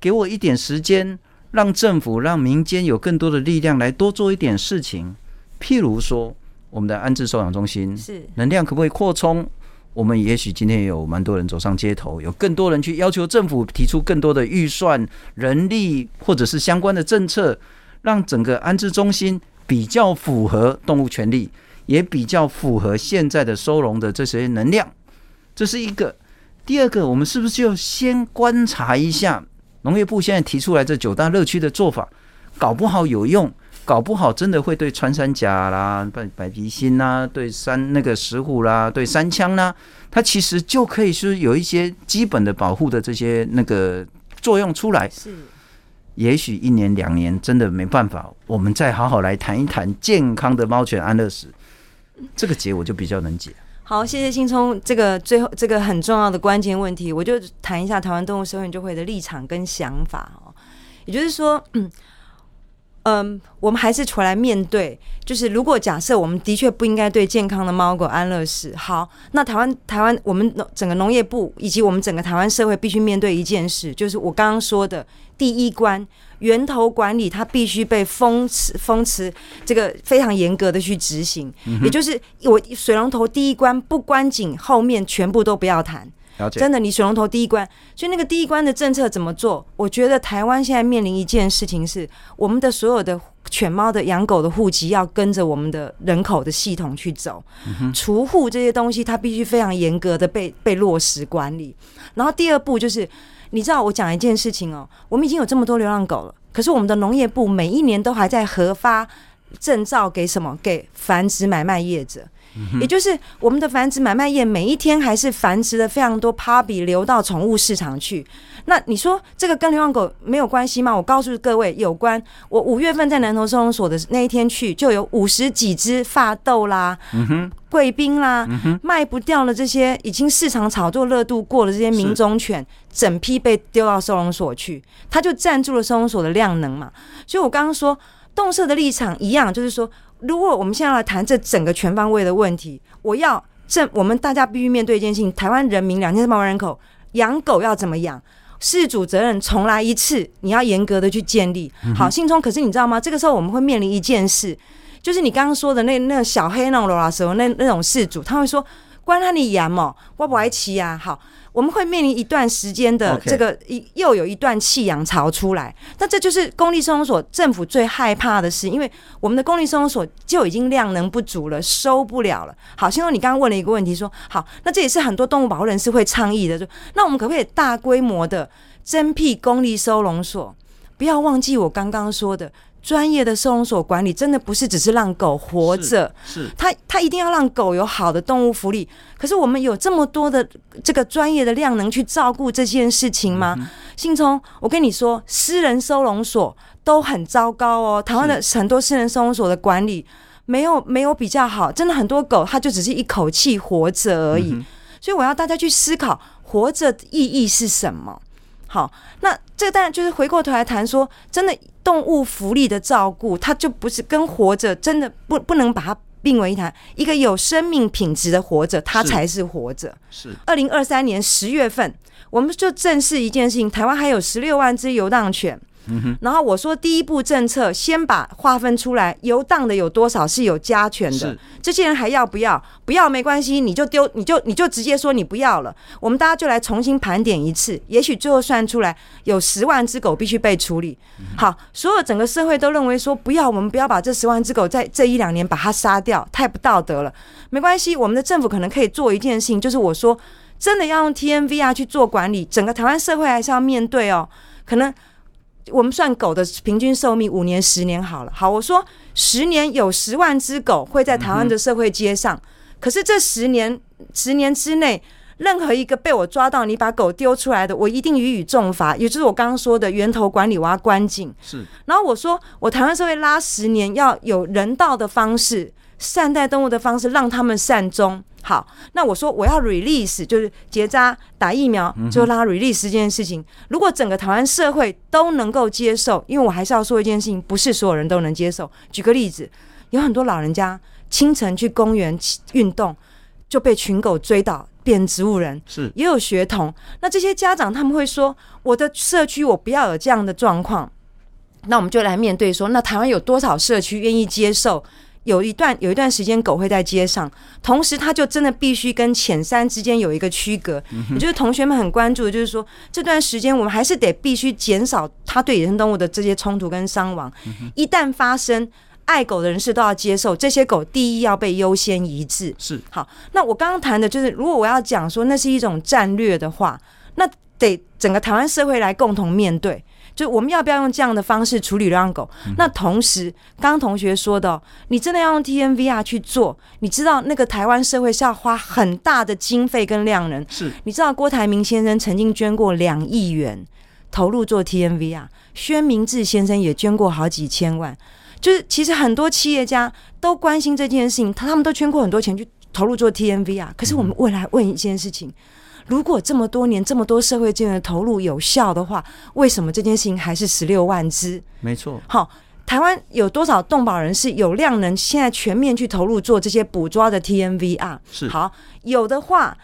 給我一點時間，讓政府讓民間有更多的力量來多做一點事情？譬如說，我們的安置收養中心是能量可不可以擴充？我們也許今天也有蠻多人走上街頭，有更多人去要求政府提出更多的預算、人力或者是相關的政策，讓整個安置中心比較符合動物權利。也比較符合現在的收容的這些能量，這是一個。第二個，我們是不是要先觀察一下農業部現在提出來這九大熱區的做法？搞不好有用，搞不好真的會對穿山甲啦、對白鼻心吶、對山那個石虎啦、對山羌啦，它其實就可以是有一些基本的保護的這些那個作用出來。是，也許一年兩年真的沒辦法，我們再好好來談一談健康的貓犬安樂死。這個結我就比較能解。好，謝謝信聰。這個最後這個很重要的關鍵問題，我就談一下台灣動物社會研究會的立場跟想法，也就是說。嗯嗯，我們還是出來面對，就是如果假設我們的確不應該對健康的貓狗安樂死，好，那台灣台灣我們農整個農業部以及我們整個台灣社會必須面對一件事，就是我剛剛說的第一關源頭管理，它必須被封封持這個非常嚴格的去執行，嗯、哼也就是我水龍頭第一關不關緊，後面全部都不要談。了真的，你水龍頭第一關，所以那個第一關的政策怎麼做？我覺得台灣現在面臨一件事情是，我們的所有的犬貓的養狗的戶籍要跟着我們的人口的系統去走，除戶、嗯、哼這些東西它必須非常嚴格的被被落實管理。然後第二步就是，你知道我講一件事情哦，我們已經有這麼多流浪狗了，可是我們的農業部每一年都還在核發證照給什麼？給繁殖買賣業者。也就是我們的繁殖買賣業，每一天還是繁殖了非常多 Puppy 流到寵物市場去。那你說這個跟流浪狗沒有關係嗎？我告訴各位，有關。我五月份在南投收容所的那一天去，就有五十幾隻發豆啦、貴賓、嗯、哼啦，嗯、哼賣不掉了這些已經市場炒作熱度過了這些名種犬，整批被丟到收容所去，他就占住了收容所的量能嘛。所以我剛剛說，動社的立場一樣，就是說。如果我們現在來談這整個全方位的問題，我要這，我們大家必須面對一件事情：台灣人民兩千四百萬人口養狗要怎麼養？飼主責任重來一次，你要嚴格的去建立。嗯、哼好，信聰，可是你知道嗎？這個時候我們會面臨一件事，就是你剛剛說的那那小黑那種羅拉蛇那那種飼主，他會說：關他你養嘛，我不愛吃啊。好。我們會面臨一段時間的這個一又有一段棄養潮出來，那 Okay. 這就是公立收容所政府最害怕的事，因為我們的公立收容所就已經量能不足了，收不了了。好，先說你剛剛問了一個問題說，說好，那這也是很多動物保護人士會倡議的，就那我們可不可以大規模的增闢公立收容所？不要忘記我剛剛說的。專業的收容所管理真的不是只是讓狗活着，是它，它一定要讓狗有好的動物福利。可是我們有這麼多的這個專業的量能去照顧這件事情嗎？嗯、哼信聰，我跟你說，私人收容所都很糟糕哦。台灣的很多私人收容所的管理沒有沒有比較好，真的很多狗它就只是一口氣活着而已。嗯、哼所以我要大家去思考活着的意義是什麼？好，那這當然就是回過頭來談說，真的動物福利的照顧，它就不是跟活着真的不不能把它併為一談。一個有生命品質的活着，它才是活着。是。二零二三年十月份，我們就正視一件事情：台灣還有十六萬隻遊蕩犬。然後我說，第一步政策先把劃分出來，遊蕩的有多少是有家犬的？是這些人還要不要？不要沒關係，你就丟，你就你就直接說你不要了。我們大家就來重新盤點一次，也許最後算出來有十萬隻狗必須被處理。嗯、哼好，所有整個社會都認為說不要，我們不要把這十萬隻狗在這一兩年把它殺掉，太不道德了。沒關係，我們的政府可能可以做一件事情，就是我說真的要用 TNVR 去做管理，整個台灣社會還是要面對哦，可能。我們算狗的平均壽命五年十年好了，好，我說十年有十萬隻狗會在台灣的社會街上，可是這十年十年之內，任何一個被我抓到你把狗丟出來的，我一定予以重罰，也就是我剛剛說的源頭管理，我要關緊。是，然後我說我台灣社會拉十年要有人道的方式。善待動物的方式，讓他們善終。好，那我說我要 release，就是結紮、打疫苗，就拉 release 這件事情。嗯哼。如果整個台灣社會都能夠接受，因為我還是要說一件事情，不是所有人都能接受。舉個例子，有很多老人家清晨去公園運動，就被群狗追倒，變植物人。是，也有學童。那這些家長他們會說：“我的社區，我不要有這樣的狀況。”那我們就來面對說，那台灣有多少社區願意接受？有一段有一段時間，狗會在街上，同時它就真的必須跟淺山之間有一個區隔。我、嗯、哼就是同學們很關注的就是說，這段時間我們還是得必須減少它對野生動物的這些衝突跟傷亡。嗯、哼一旦發生，愛狗的人士都要接受這些狗，第一要被優先醫治。是。好，那我剛剛談的就是，如果我要講說那是一種戰略的話，那得整個台灣社會來共同面對。所以，我們要不要用這樣的方式處理流浪狗？嗯、那同時，剛剛同學說的，你真的要用 TNVR 去做？你知道那個台灣社會是要花很大的經費跟量能，是？你知道郭台銘先生曾經捐過兩億元投入做 TNVR，宣明智先生也捐過好幾千萬，就是其實很多企業家都關心這件事情，他們都捐過很多錢去投入做 TNVR。可是我們未來問一件事情。嗯嗯如果這麼多年這麼多社會資源投入有效的話，為什麼這件事情還是十六萬只？沒錯，好，台灣有多少動保人士有量能現在全面去投入做這些捕捉的 T N V R？是好，有的話。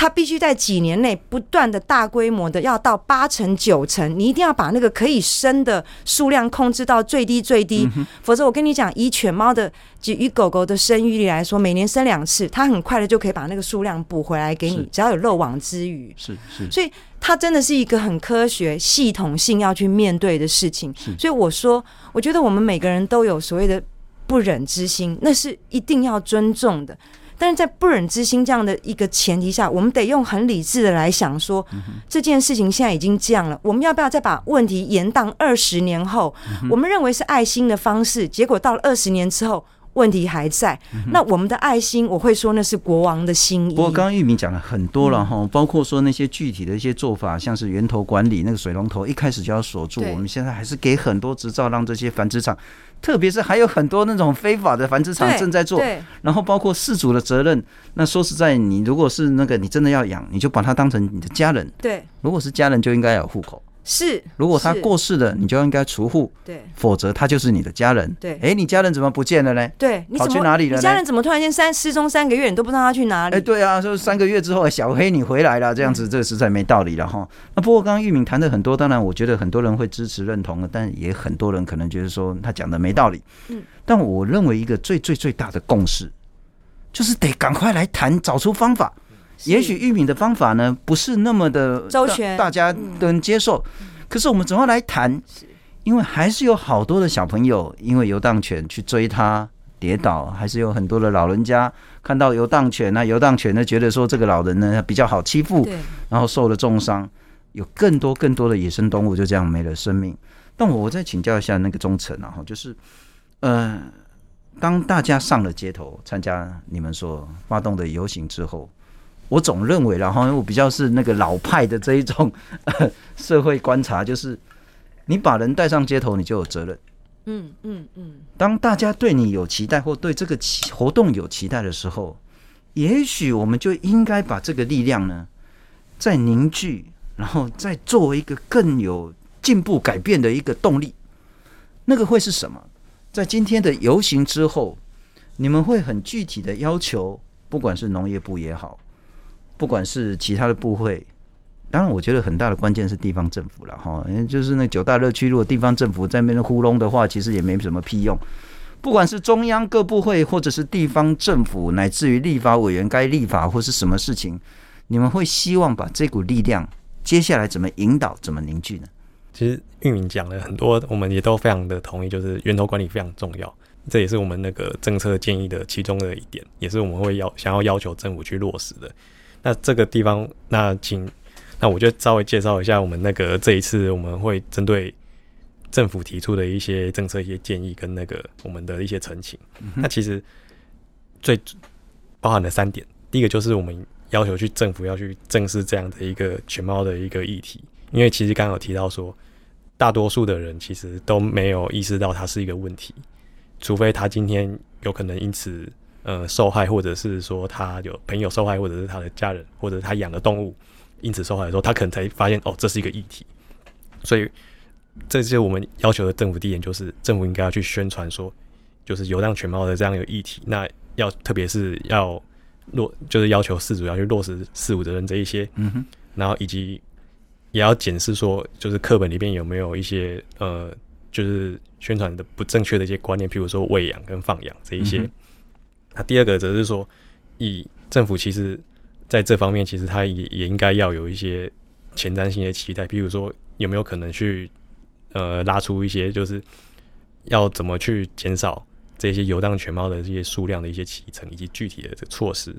它必須在幾年內不斷的大規模的要到八成九成，你一定要把那個可以生的數量控制到最低最低，嗯、哼否則我跟你講，以犬貓的以狗狗的生育率來說，每年生兩次，它很快的就可以把那個數量補回來給你，是只要有漏網之魚。是是，所以它真的是一個很科學系統性要去面對的事情。是所以我說，我覺得我們每個人都有所謂的不忍之心，那是一定要尊重的。但是在不忍之心這樣的一個前提下，我們得用很理智的來想說，這件事情現在已經這樣了，我們要不要再把問題延宕二十年後？我們認為是愛心的方式，結果到了二十年之後，問題還在，那我們的愛心，我會說那是國王的心意。不過，剛玉敏講了很多了哈，包括說那些具體的一些做法，像是源頭管理，那個水龍頭一開始就要鎖住。對我們現在還是給很多執照，讓這些繁殖場。特別是還有很多那種非法的繁殖場正在做，然後包括飼主的責任。那說實在，你如果是那個，你真的要養，你就把它當成你的家人。對，如果是家人，就應該要有戶口。是，是如果他過世了，你就應該除戶，對，否則他就是你的家人。對，哎，你家人怎麼不見了呢？對，你跑去哪裡了呢？你家人怎麼突然間三失蹤三個月，你都不知道他去哪裡？哎，對啊，說三個月之後小黑你回來了，這樣子這實在沒道理了哈。嗯，那不過剛剛玉敏談的很多，當然我覺得很多人會支持認同的，但也很多人可能覺得說他講的沒道理。嗯，但我認為一個最最最大的共識就是得趕快來談，找出方法。也許玉敏的方法呢，不是那麼的周全，大家都能接受。嗯、可是我們總要來談。是因為還是有好多的小朋友因為遊蕩犬去追它，跌倒。嗯、還是有很多的老人家看到遊蕩犬，那遊蕩犬呢，覺得說這個老人呢比較好欺負，對然後受了重傷。嗯、有更多更多的野生動物就這樣沒了生命。但我我再請教一下那個宗宸啊，哈，就是呃，當大家上了街頭參加你們所發動的遊行之後。我總認為，然後因為我比較是那個老派的這一種呵呵社會觀察，就是你把人帶上街頭，你就有責任。嗯嗯嗯。嗯嗯當大家對你有期待，或對這個活動有期待的時候，也許我們就應該把這個力量呢再凝聚，然後再作為一個更有進步改變的一個動力。那個會是什麼？在今天的遊行之後，你們會很具體的要求，不管是農業部也好。不管是其他的部會，當然我覺得很大的關鍵是地方政府了哈，因、哦、為就是那九大熱區，如果地方政府在那邊糊弄的話，其實也沒什麼屁用。不管是中央各部會，或者是地方政府，乃至於立法委員該立法或是什麼事情，你們會希望把這股力量接下來怎麼引導、怎麼凝聚呢？其實玉敏講了很多，我們也都非常的同意，就是源頭管理非常重要，這也是我們那個政策建議的其中的一點，也是我們會要想要要求政府去落實的。那這個地方，那請，那我就稍微介紹一下我們那個這一次我們會針對政府提出的一些政策、一些建議跟那個我們的一些陳情。嗯、哼那其實最包含的三點，第一個就是我們要求去政府要去正視這樣的一個全貌的一個議題，因為其實剛有提到說，大多數的人其實都沒有意識到它是一個問題，除非他今天有可能因此。呃，受害或者是說他有朋友受害，或者是他的家人，或者他養的動物因此受害的時候，他可能才發現哦，這是一個議題。所以，這些我們要求的政府第一點，就是政府應該要去宣傳說，就是遊蕩犬貓的這樣一個議題。那要特別是要落，就是要求飼主要去落實飼主責任這一些。嗯哼，然後以及也要檢視說，就是課本裡面有沒有一些呃，就是宣傳的不正確的一些觀念，譬如說餵養跟放養這一些。嗯那第二個則是說，以政府其實在這方面其實他也也應該要有一些前瞻性的期待，比如說有沒有可能去呃拉出一些，就是要怎麼去減少這些遊蕩犬貓的這些數量的一些起程以及具體的這個措施。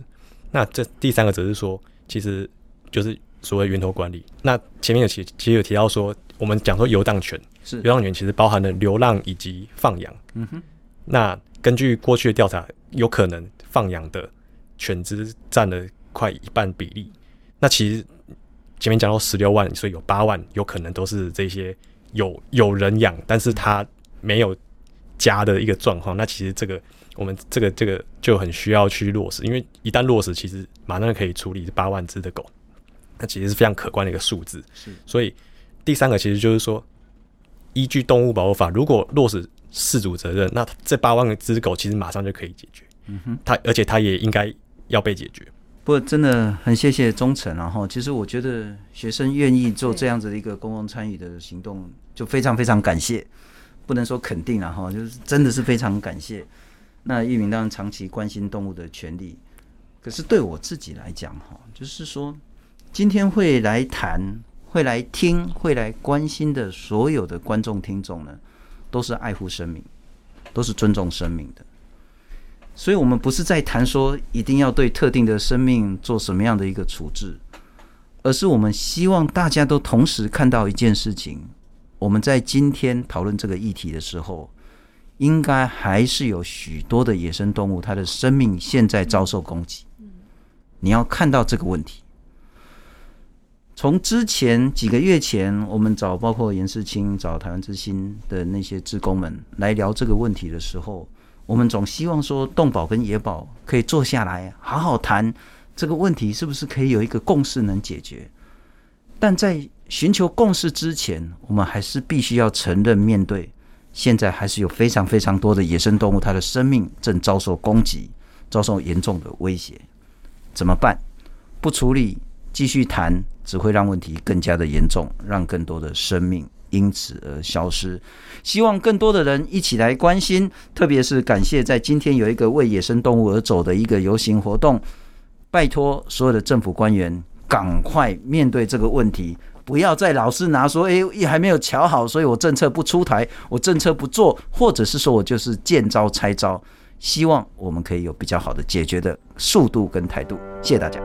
那這第三個則是說，其實就是所謂源頭管理。那前面有其其實有提到說，我們講說遊蕩犬，是，遊蕩犬，權，其實包含了流浪以及放養。嗯哼，那。根據過去的調查，有可能放養的犬只占了快一半比例。那其實前面講到十六萬，所以有八萬，有可能都是這些有有人養，但是他沒有家的一個狀況。那其實這個我們這個這個就很需要去落實，因為一旦落實，其實馬上就可以處理八萬只的狗，那其實是非常可觀的一個數字。是。所以第三個其實就是說，依據動物保護法，如果落實。飼主責任，那這八萬個隻狗其實馬上就可以解決。嗯哼，他而且他也應該要被解決。不過，真的很謝謝宗宸、啊，然後其實我覺得學生願意做這樣子的一個公共參與的行動，就非常非常感謝，不能說肯定了、啊、哈，就是真的是非常感謝。那玉敏當然長期關心動物的權利，可是對我自己來講哈，就是說今天會來談、會來聽、會來關心的所有的觀眾聽眾呢，都是愛護生命，都是尊重生命的，所以，我們不是在談說一定要對特定的生命做什麼樣的一個處置，而是我們希望大家都同時看到一件事情。我們在今天討論這個議題的時候，應該還是有許多的野生動物，它的生命現在遭受攻擊。你要看到這個問題。從之前幾個月前，我們找包括顏士清、找台灣之心的那些志工們來聊這個問題的時候，我們總希望說，動保跟野保可以坐下來好好談這個問題，是不是可以有一個共識能解決？但在尋求共識之前，我們還是必須要承認，面對現在還是有非常非常多的野生動物，它的生命正遭受攻擊，遭受嚴重的威脅，怎麼辦？不處理，繼續談？只會讓問題更加的嚴重，讓更多的生命因此而消失。希望更多的人一起來關心，特別是感謝在今天有一個為野生動物而走的一個遊行活動。拜托所有的政府官員，趕快面對這個問題，不要再老是拿說“哎，還沒有瞧好，所以我政策不出台，我政策不做”，或者是說我就是見招拆招。希望我們可以有比較好的解決的速度跟態度。謝謝大家。